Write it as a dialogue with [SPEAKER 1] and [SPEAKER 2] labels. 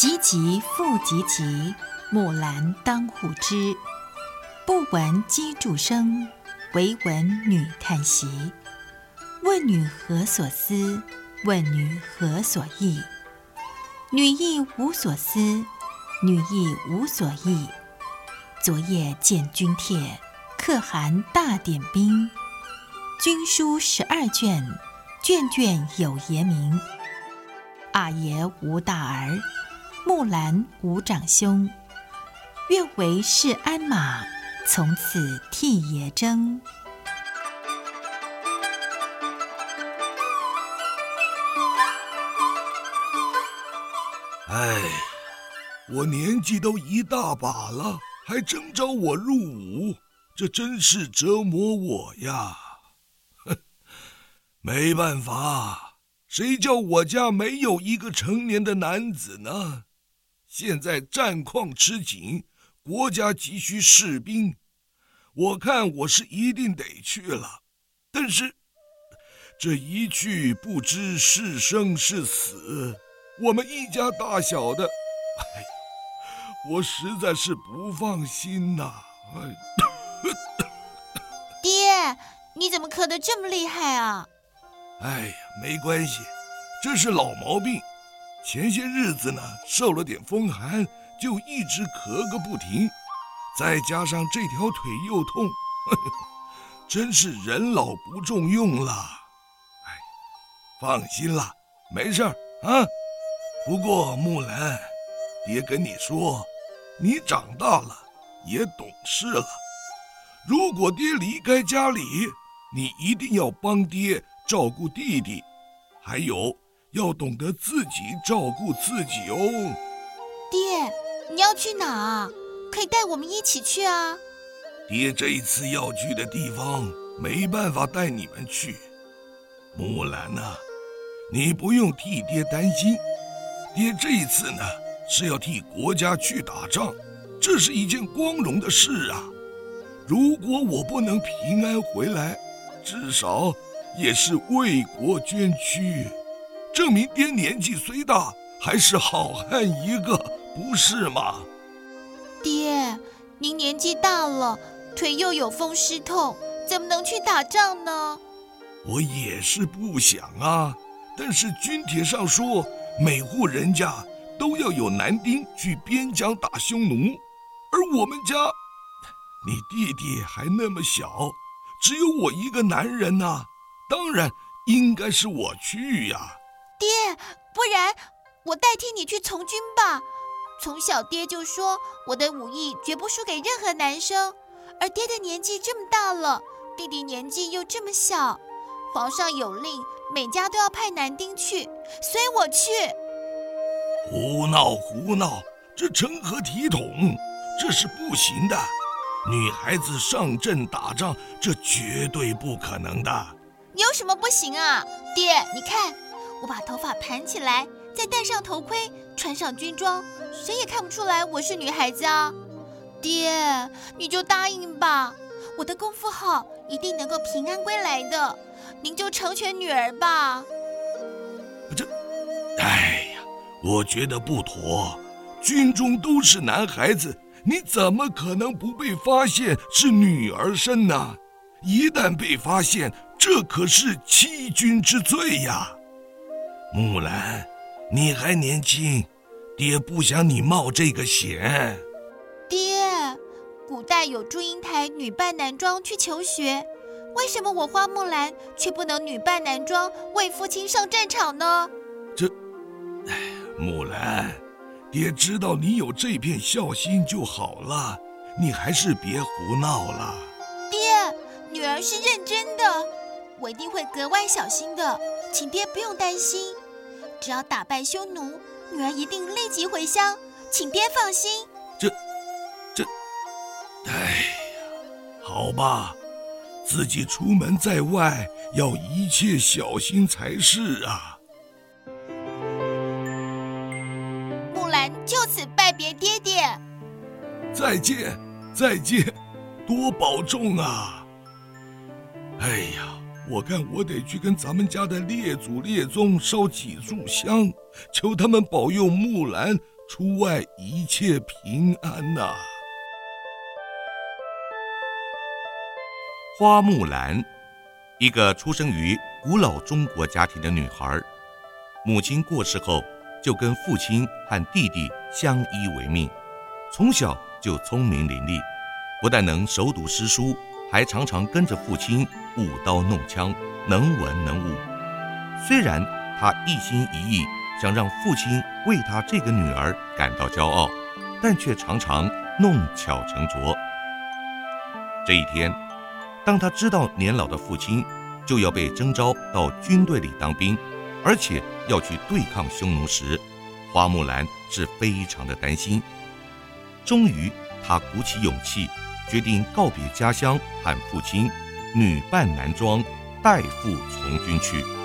[SPEAKER 1] 唧唧復唧唧，木蘭當戶織。不聞機杼聲，惟聞女嘆息。問女何所思？問女何所憶？女亦無所思，女亦無所憶。昨夜見軍帖，可汗大點兵。軍書十二卷，卷卷有爺名。阿爺無大兒。木蘭無長兄，願為市鞍馬，從此替爺征。
[SPEAKER 2] 哎，我年紀都一大把了，還徵召我入伍，這真是折磨我呀！哼，沒辦法，誰叫我家沒有一個成年的男子呢？現在戰況吃緊，國家急需士兵，我看我是一定得去了。但是這一去不知是生是死，我們一家大小的，哎，我實在是不放心吶。哎。
[SPEAKER 1] 爹，你怎麼咳得這麼厲害啊？
[SPEAKER 2] 哎呀，沒關係，這是老毛病。前些日子呢，受了點風寒，就一直咳個不停，再加上這條腿又痛，呵呵，真是人老不中用了。哎，放心啦，沒事兒啊。不過木蘭，爹跟你說，你長大了也懂事了，如果爹離開家裡，你一定要幫爹照顧弟弟，還有。要懂得自己照顧自己哦，
[SPEAKER 1] 爹，你要去哪兒？可以帶我們一起去啊！
[SPEAKER 2] 爹這一次要去的地方，沒辦法帶你們去。木蘭呢，你不用替爹擔心。爹這一次呢，是要替國家去打仗，這是一件光榮的事啊！如果我不能平安回來，至少也是為國捐軀。證明爹年紀雖大，還是好漢一個，不是嗎？爹，
[SPEAKER 1] 您年紀大了，腿又有風濕痛，怎麼能去打仗呢？
[SPEAKER 2] 我也是不想啊，但是軍帖上說，每戶人家都要有男丁去邊疆打匈奴，而我們家，你弟弟還那麼小，只有我一個男人吶、啊，當然應該是我去呀、啊。爹，
[SPEAKER 3] 不
[SPEAKER 1] 然我代替你去從軍吧。從小爹就說我的武藝絕不輸給任何男生，而爹的年紀這麼大了，弟弟年紀又這麼小，皇上有令，每家都要派男丁去，隨我去。
[SPEAKER 2] 胡鬧，胡鬧，這成何體統？這是不行的。女孩子上陣打仗，這絕對不可能的。
[SPEAKER 1] 你有什麼不行啊，爹？你看。我把頭髮盤起來，再戴上頭盔，穿上軍裝，誰也看不出來我是女孩子啊！爹，你就答應吧，我的功夫好，一定能夠平安歸來的，您就成全女兒吧。
[SPEAKER 2] 這，哎呀，我覺得不妥，軍中都是男孩子，你怎麼可能不被發現是女兒身呢？一旦被發現，這可是欺君之罪呀！木蘭，你還年輕，爹不想你冒這個險。爹，
[SPEAKER 1] 古代有祝英台女扮男裝去求學，為什麼我花木蘭卻不能女扮男裝為父親上戰場呢？
[SPEAKER 2] 這，哎，木蘭，爹知道你有這片孝心就好了，你還是別胡鬧了。
[SPEAKER 1] 爹，女兒是認真的，我一定會格外小心的，請爹不用擔心。只要打敗匈奴，女兒一定立即回鄉，請爹放心。這，
[SPEAKER 2] 這，哎呀，好吧，自己出門在外，要一切小心才是啊。
[SPEAKER 1] 木蘭就此拜別爹爹，
[SPEAKER 2] 再見，再見，多保重啊！哎呀。我看我得去跟咱們家的列祖列宗燒幾炷香，求他們保佑木蘭出外一切平安吶啊。
[SPEAKER 3] 花木蘭，一個出生於古老中國家庭的女孩，母親過世後就跟父親和弟弟相依為命，從小就聰明伶俐，不但能熟讀詩書。還常常跟着父親舞刀弄槍，能文能武。雖然他一心一意想讓父親為他這個女兒感到驕傲，但卻常常弄巧成拙。這一天，當他知道年老的父親就要被徵召到軍隊裡當兵，而且要去對抗匈奴時，花木蘭是非常的擔心。終於，他鼓起勇氣。決定告別家鄉，和父親，女扮男裝，代父從軍去。